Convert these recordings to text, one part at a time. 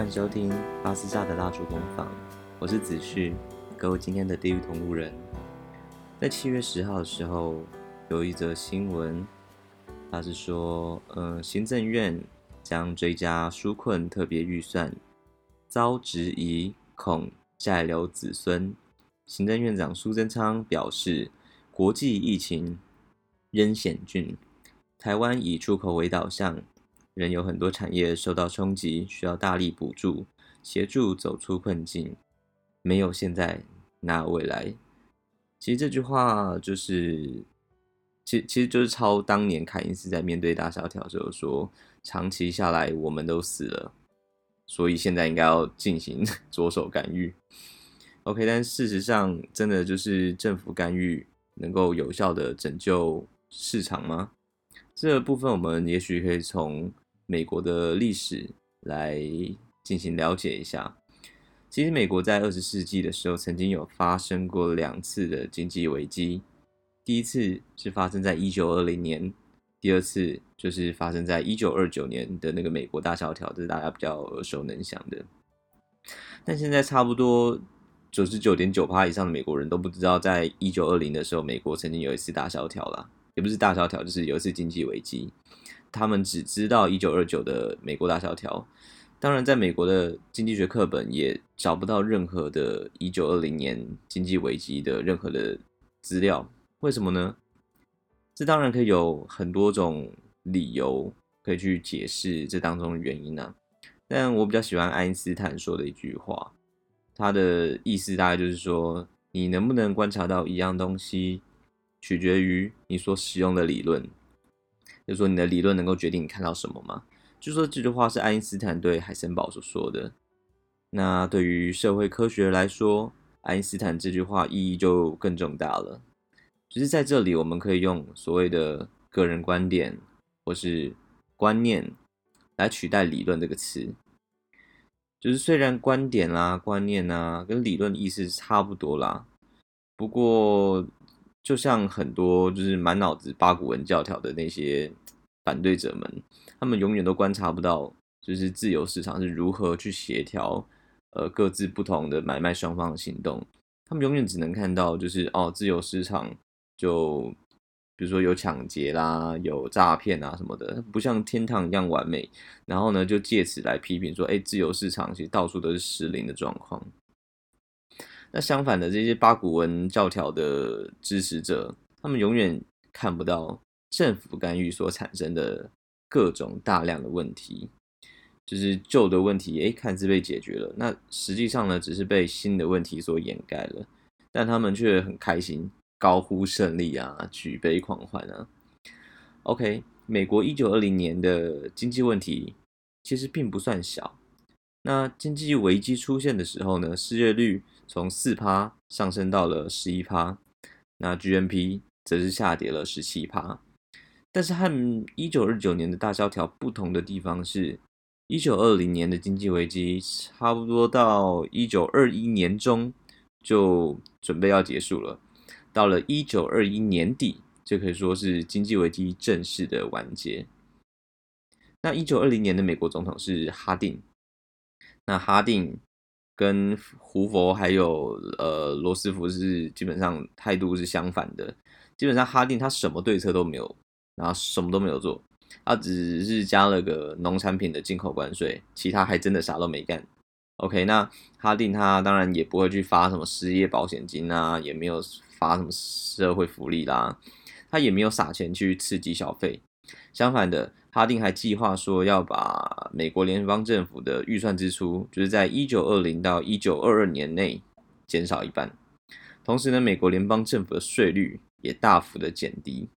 歡迎收聽《巴斯炸的蠟燭工坊》，我是子旭，各位今天的地獄同路人。在七月十號的時候，有一則新聞，他是說，嗯、呃，行政院將追加紓困特別預算，遭質疑恐債留子孫。行政院長蘇貞昌表示，國際疫情仍險峻，台灣以出口為導向。仍有很多產業受到衝擊，需要大力補助，協助走出困境。沒有現在，哪有未來。其實這句話就是，其實其實就是抄當年凱因斯在面對大蕭條的時候說：長期下來我們都死了，所以現在應該要進行着手干預。OK，但事實上真的就是政府干預能夠有效的拯救市場嗎？這個部分我們也許可以從美國的歷史來進行了解一下。其實，美國在二十世紀的時候曾經有發生過兩次的經濟危機，第一次是發生在一九二零年，第二次就是發生在一九二九年的那個美國大蕭條，這是大家比較耳熟能詳的。但現在差不多九十九點九趴以上的美國人都不知道，在一九二零的時候，美國曾經有一次大蕭條啦。也不是大蕭條，就是有一次經濟危機。他們只知道一九二九的美國大蕭條，當然在美國的經濟學課本也找不到任何的一九二零年經濟危機的任何的資料。為什麼呢？這當然可以有很多種理由可以去解釋這當中的原因呢、啊。但我比較喜歡愛因斯坦說的一句話，他的意思大概就是說，你能不能觀察到一樣東西？取決於你所使用的理論，就是說你的理論能夠決定你看到什麼嗎？就說這句話是愛因斯坦對海森堡所說的。那對於社會科學來說，愛因斯坦這句話意義就更重大了。只、就是在這裡，我們可以用所謂的個人觀點或是觀念來取代理論這個詞。就是雖然觀點啦、啊、觀念吶、啊，跟理論意思差不多啦，不過。就像很多就是滿腦子八股文教條的那些反對者們，他們永遠都觀察不到，就是自由市場是如何去協調呃各自不同的買賣雙方的行動。他們永遠只能看到就是哦，自由市場就比如說有搶劫啦、有詐騙啊什麼的，不像天堂一樣完美。然後呢，就借此來批評說，哎、欸，自由市場其實到處都是失靈的狀況。那相反的，這些八股文教條的支持者，他們永遠看不到政府干預所產生的各種大量的問題，就是舊的問題，誒，看似被解決了，那實際上呢，只是被新的問題所掩蓋了，但他們卻很開心，高呼勝利啊，舉杯狂歡啊。OK，美國一九二零年的經濟問題其實並不算小，那經濟危機出現的時候呢，失業率。從四趴上升到了十一趴，那 GNP 則是下跌了十七趴。但是和一九二九年的大蕭條不同的地方是，一九二零年的經濟危機差不多到一九二一年中就準備要結束了，到了一九二一年底就可以說是經濟危機正式的完結。那一九二零年的美國總統是哈定，那哈定。跟胡佛還有呃羅斯福是基本上態度是相反的，基本上哈定他什麼對策都沒有，然後什麼都沒有做，他只是加了個農產品的進口關稅，其他還真的啥都沒幹。OK，那哈定他當然也不會去發什麼失業保險金啊，也沒有發什麼社會福利啦，他也沒有撒錢去刺激消費。相反的，哈定還計劃說要把美國聯邦政府的預算支出，就是在一九二零到一九二二年內減少一半。同時呢，美國聯邦政府的稅率也大幅的減低。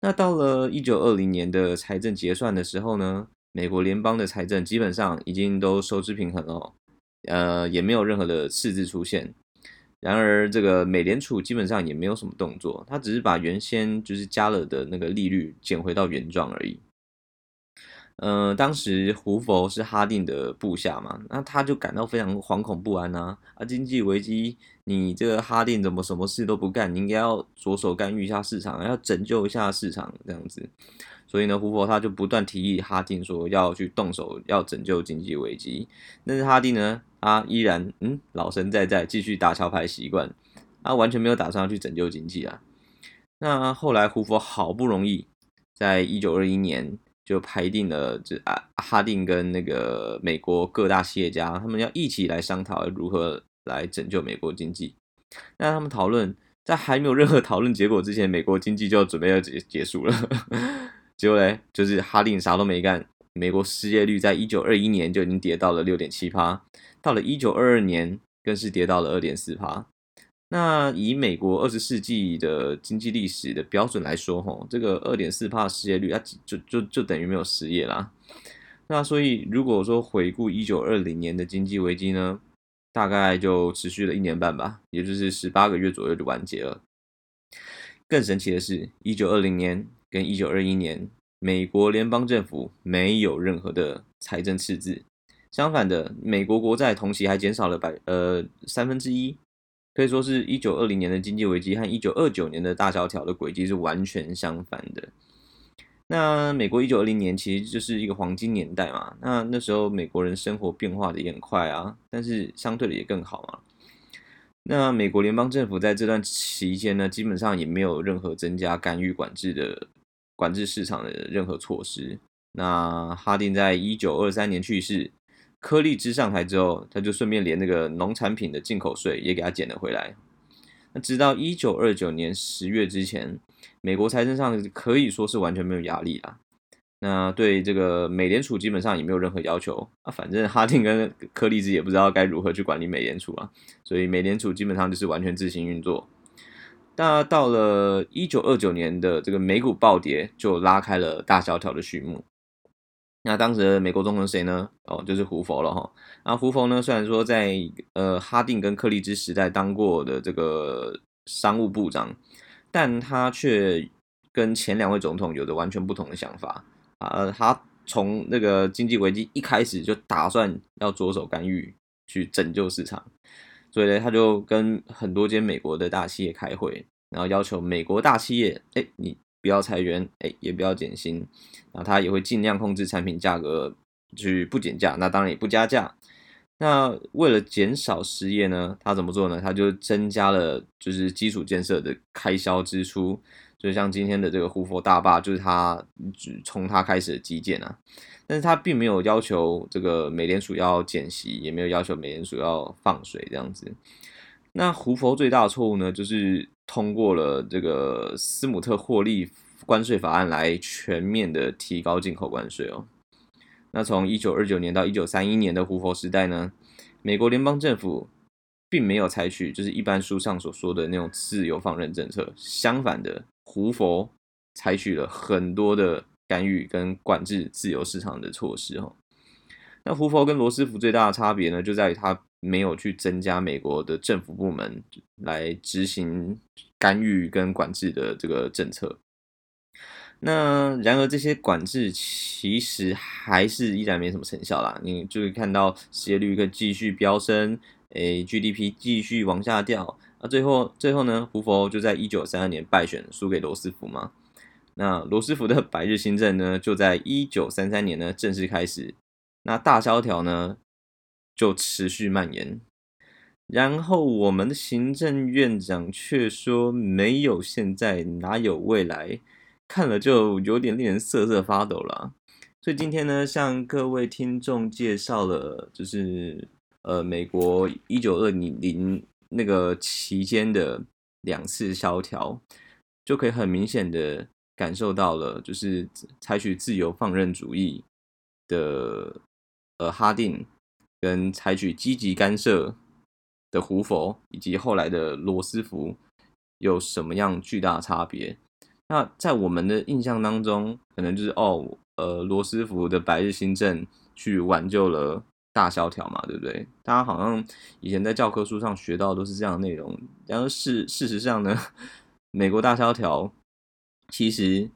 那到了一九二零年的財政結算的時候呢，美國聯邦的財政基本上已經都收支平衡了，哦，呃，也沒有任何的赤字出現。然而，這個美聯儲基本上也沒有什麼動作，他只是把原先，就是加了的那個利率，減回到原狀而已。呃，當時胡佛是哈定的部下嘛，那他就感到非常惶恐不安吶、啊。啊，經濟危機，你這個哈定怎麼什麼事都不幹？你應該要着手干預一下市場，要拯救一下市場這樣子。所以呢，胡佛他就不斷提議哈定說要去動手，要拯救經濟危機。但是哈定呢，他依然嗯老神在在，繼續打橋牌習慣，他完全沒有打算去拯救經濟啊。那後來胡佛好不容易，在一九二一年就排定了，這啊哈定跟那個美國各大企業家，他們要一起來商討如何來拯救美國經濟。那他們討論，在還沒有任何討論結果之前，美國經濟就準備要結結束了。 結果嘞，就是哈定啥都沒幹，美國失業率在一九二一年就已經跌到了六點七趴，到了一九二二年更是跌到了二點四趴。那以美國二十世紀的經濟歷史的標準來說，吼，這個二點四趴失業率那就就就，就等於沒有失業啦。那所以如果說回顧一九二零年的經濟危機呢，大概就持續了一年半吧，也就是十八個月左右就完結了。更神奇的是，一九二零年。跟一九二一年美國聯邦政府沒有任何的財政赤字，相反的，美國國債同期還減少了百呃三分之一，可以說是一九二零年的經濟危機和一九二九年的大蕭條的軌跡是完全相反的。那美國一九二零年其實就是一個黃金年代嘛，那那時候美國人生活變化的也很快啊，但是相對的也更好嘛。那美國聯邦政府在這段期間呢，基本上也沒有任何增加干預管制的。管制市場的任何措施。那哈定在一九二三年去世，柯立芝上台之後，他就順便連那個農產品的進口稅也給他減了回來。那直到一九二九年十月之前，美國財政上可以說是完全沒有壓力啦。那對這個美聯儲基本上也沒有任何要求啊。反正哈定跟柯立芝也不知道該如何去管理美聯儲啊，所以美聯儲基本上就是完全自行運作。那到了一九二九年的這個美股暴跌，就拉開了大蕭條的序幕。那當時的美國總統是誰呢？哦，就是胡佛了哈。那胡佛呢，雖然說在呃哈定跟克利茲時代當過的這個商務部長，但他卻跟前兩位總統有着完全不同的想法啊。呃，他從那個經濟危機一開始就打算要着手干預，去拯救市場。所以呢，他就跟很多間美國的大企業開會，然後要求美國大企業，欸、你不要裁員，欸、也不要減薪，然後他也會盡量控制產品價格，去不減價，那當然也不加價。那為了減少失業呢，他怎麼做呢？他就增加了就是基礎建設的開銷支出。就像今天的這個胡佛大壩，就是他只從他開始的基建啊，但是他並沒有要求這個美聯儲要減息，也沒有要求美聯儲要放水這樣子。那胡佛最大的錯誤呢，就是通過了這個斯姆特霍利關稅法案來全面的提高進口關稅哦。那從一九二九年到一九三一年的胡佛時代呢，美國聯邦政府並沒有採取就是一般書上所說的那種自由放任政策，相反的。胡佛採取了很多的干預跟管制自由市場的措施，哈。那胡佛跟羅斯福最大的差別呢，就在於他沒有去增加美國的政府部門來執行干預跟管制的這個政策。那然而這些管制其實還是依然沒什麼成效啦，你就會看到失業率繼續飆升，誒，GDP 繼續往下掉。那、啊、最後，最後呢，胡佛就在一九三二年敗選輸給羅斯福嘛。那羅斯福的百日新政呢，就在一九三三年呢正式開始。那大蕭條呢就持續蔓延。然後我們的行政院長卻說：“沒有現在，哪有未來？”看了就有點令人瑟瑟發抖了。所以今天呢，向各位聽眾介紹了，就是呃，美國一九二零零。那個期間的兩次蕭條，就可以很明顯的感受到了，就是採取自由放任主義的呃哈定，跟採取積極干涉的胡佛，以及後來的羅斯福有什麼樣巨大差別？那在我們的印象當中，可能就是哦，呃羅斯福的百日新政去挽救了。大蕭條嘛，對不對？大家好像以前在教科書上學到都是這樣的內容，但是事，事實上呢，美國大蕭條其實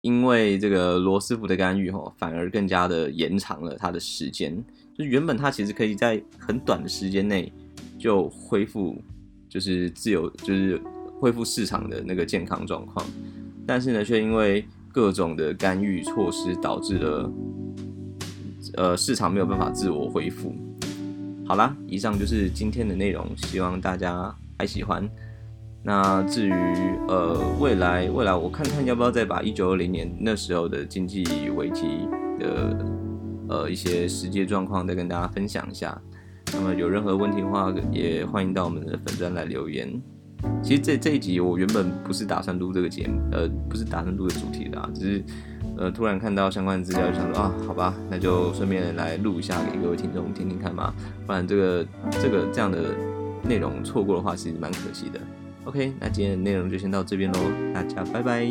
因為這個羅斯福的干預，哦，反而更加的延長了它的時間。就原本它其實可以在很短的時間內就恢復，就是自由，就是恢復市場的那個健康狀況，但是呢，卻因為各種的干預措施導致了。呃，市場沒有辦法自我恢復。好啦，以上就是今天的內容，希望大家還喜歡。那至於呃未來，未來我看看要不要再把一九二零年那時候的經濟危機的呃一些實際狀況再跟大家分享一下。那麼有任何問題的話，也歡迎到我們的粉專來留言。其實這這一集我原本不是打算錄這個節目，呃，不是打算錄的主題的啊，只是，呃，突然看到相關的資料，就想說啊，好吧，那就順便來錄一下給各位聽眾聽聽看嘛，不然這個這個這樣的內容錯過的話，其實蠻可惜的。OK，那今天的內容就先到這邊嘍，大家拜拜。